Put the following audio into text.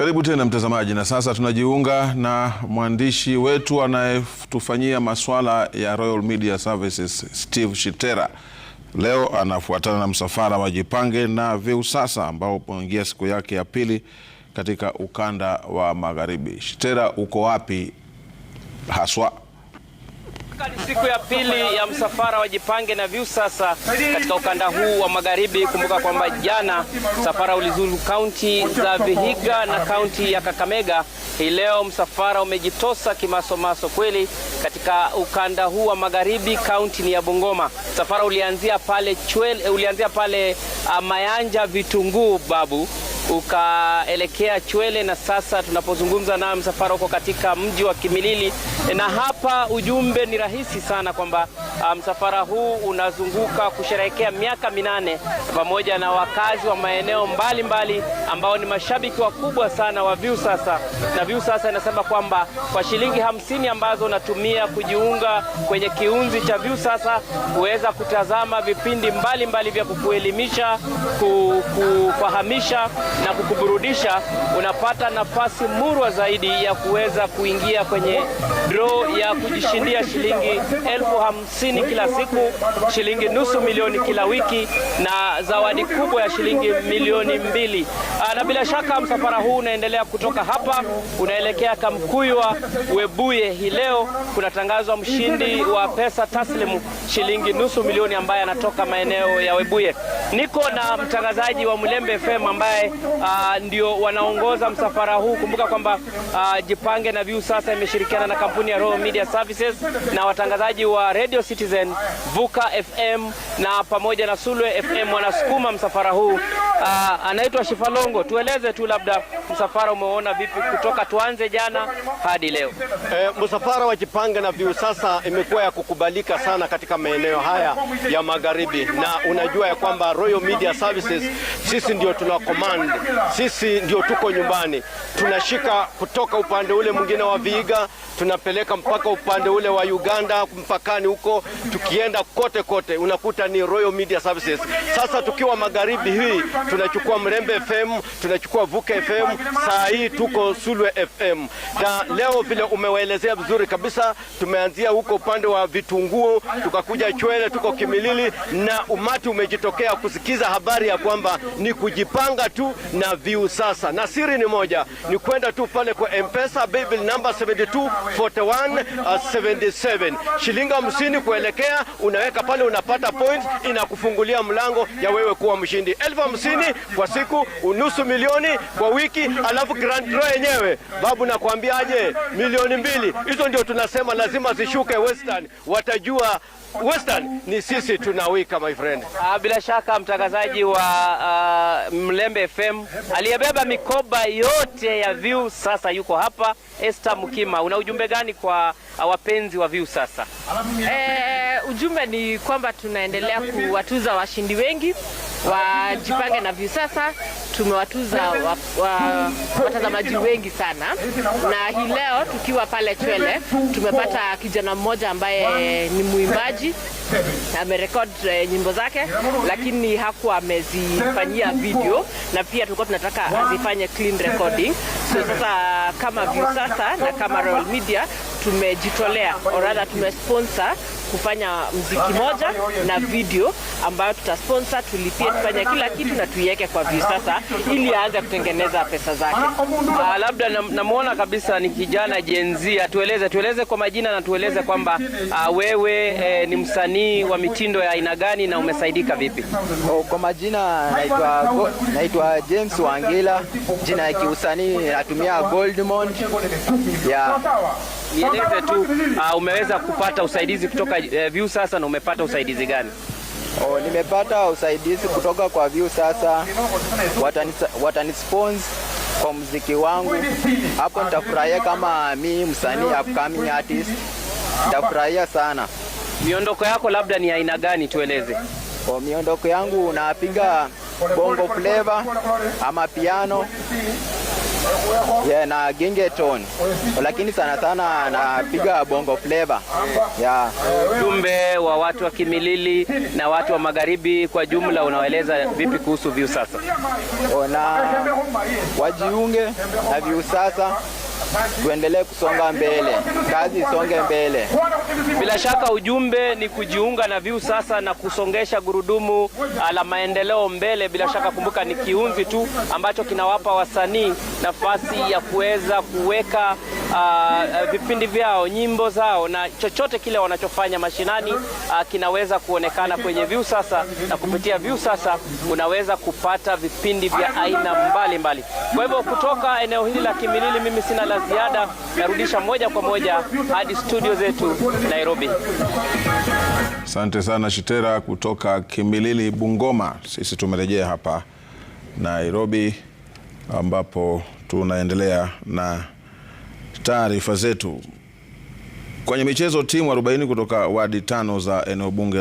Karibu tena mtazamaji, na sasa tunajiunga na mwandishi wetu anayetufanyia masuala ya Royal Media Services Steve Shitera. Leo anafuatana na msafara wa Jipange na Viusasa ambao umeingia siku yake ya pili katika ukanda wa Magharibi. Shitera, uko wapi haswa? Siku ya pili ya msafara wa Jipange na sasa katika ukanda huu wa magharibi. Kumbuka kwamba jana msafara ulizuru kaunti za Vihiga na kaunti ya Kakamega. Hii leo msafara umejitosa kimasomaso kweli katika ukanda huu wa magharibi, kaunti ni ya Bungoma. Msafara ulianzia pale Chwele, ulianzia pale uh, Mayanja Vitunguu babu ukaelekea Chwele, na sasa tunapozungumza nayo msafara huko katika mji wa Kimilili, na hapa ujumbe ni rahisi sana kwamba ah, msafara huu unazunguka kusherehekea miaka minane pamoja na wakazi wa maeneo mbalimbali mbali, ambao ni mashabiki wakubwa sana wa sasa na sasa inasema kwamba kwa shilingi hamsini ambazo unatumia kujiunga kwenye kiunzi cha sasa kuweza kutazama vipindi mbalimbali mbali vya kukuelimisha, kufahamisha na kukuburudisha, unapata nafasi murwa zaidi ya kuweza kuingia kwenye draw ya kujishindia shilingi elfu hamsini kila siku, shilingi nusu milioni kila wiki na zawadi kubwa ya shilingi milioni mbili. Ah, na bila shaka msafara huu unaendelea kutoka hapa unaelekea Kamkuywa Webuye. Hii leo kunatangazwa mshindi wa pesa taslimu shilingi nusu milioni ambaye anatoka maeneo ya Webuye. Niko na mtangazaji wa Mlembe FM ambaye uh, ndio wanaongoza msafara huu. Kumbuka kwamba uh, Jipange na Viu sasa imeshirikiana na kampuni ya Royal Media Services na watangazaji wa Radio Citizen, Vuka FM na pamoja na Sulwe FM wanasukuma msafara huu Uh, anaitwa Shifalongo, tueleze tu labda msafara umeona vipi kutoka tuanze jana hadi leo? E, msafara wa Jipanga na sasa imekuwa ya kukubalika sana katika maeneo haya ya magharibi, na unajua ya kwamba Royal Media Services sisi ndio tuna command, sisi ndio tuko nyumbani, tunashika kutoka upande ule mwingine wa Viiga tunapeleka mpaka upande ule wa Uganda mpakani huko, tukienda kote kote unakuta ni Royal Media Services. Sasa tukiwa magharibi hii tunachukua Mrembe FM, tunachukua vuka FM, saa hii tuko Sulwe FM. Na leo vile umewaelezea vizuri kabisa, tumeanzia huko upande wa Vitunguo, tukakuja Chwele, tuko Kimilili, na umati umejitokea kusikiza habari ya kwamba ni kujipanga tu na viu sasa, na siri ni moja, ni kwenda tu pale kwa Mpesa Bible number 7241 77 uh, shilingi hamsini kuelekea, unaweka pale, unapata point, inakufungulia mlango ya wewe kuwa mshindi elfu hamsini hamsini kwa siku, unusu milioni kwa wiki, alafu grand draw yenyewe babu, aje, milioni mbili. Hizo ndio tunasema lazima zishuke. Western watajua Western ni sisi tunawika, my friend. Ah, bila shaka mtangazaji wa uh, Mlembe FM aliyebeba mikoba yote ya View sasa yuko hapa. Esther mukima una ujumbe gani kwa ah, wapenzi wa View sasa? Eh, ujumbe ni kwamba tunaendelea kuwatuza washindi wengi wajipange na vyu Sasa tumewatuza wa, wa, watazamaji wengi sana, na hii leo tukiwa pale Chwele tumepata kijana mmoja ambaye ni mwimbaji amerekod eh, nyimbo zake, lakini hakuwa amezifanyia video, na pia tulikuwa tunataka azifanye clean recording. So sasa kama vyu sasa na kama Royal Media tumejitolea or rather tumesponsor kufanya mziki moja na video ambayo tutasponsor, tulipie, tufanya kila kitu na tuiweke kwa sasa ili aanze kutengeneza pesa zake. Ah, labda namuona kabisa ni kijana jenzia tueleze atueleze tueleze kwa majina na tueleze kwamba ah, wewe eh, ni msanii wa mitindo ya aina gani na umesaidika vipi? Oh, kwa majina naitwa naitwa James Wangila, jina ya kiusanii natumia Goldmond ya yeah nieleze tu uh, umeweza kupata usaidizi kutoka uh, sasa na umepata usaidizi gani? Oh, nimepata usaidizi kutoka kwa sasa watanispons kwa muziki wangu. Hapo nitafurahia kama mi msanii upcoming artist, nitafurahia sana. Miondoko yako labda ni aina gani, tueleze? Kwa oh, miondoko yangu unapiga bongo flavor ama piano Yeah, na genge tone lakini sana sana napiga bongo flavor. Yeah. jumbe wa watu wa Kimilili na watu wa Magharibi kwa jumla unaeleza vipi kuhusu Viusasa? Oh, na wajiunge na Viusasa tuendelee kusonga mbele, kazi isonge mbele. Bila shaka ujumbe ni kujiunga na Viu Sasa na kusongesha gurudumu uh, la maendeleo mbele. Bila shaka kumbuka, ni kiunzi tu ambacho kinawapa wasanii nafasi ya kuweza kuweka Uh, uh, vipindi vyao, nyimbo zao na chochote kile wanachofanya mashinani uh, kinaweza kuonekana kwenye sasa na kupitia sasa unaweza kupata vipindi vya aina mbalimbali. Kwa hivyo kutoka eneo hili la Kimilili, mimi sina la ziada, narudisha moja kwa moja hadi studio zetu Nairobi. Asante sana Shitera kutoka Kimilili Bungoma. Sisi tumerejea hapa Nairobi ambapo tunaendelea na taarifa zetu. Kwenye michezo, timu 40 kutoka wadi tano za eneo bunge la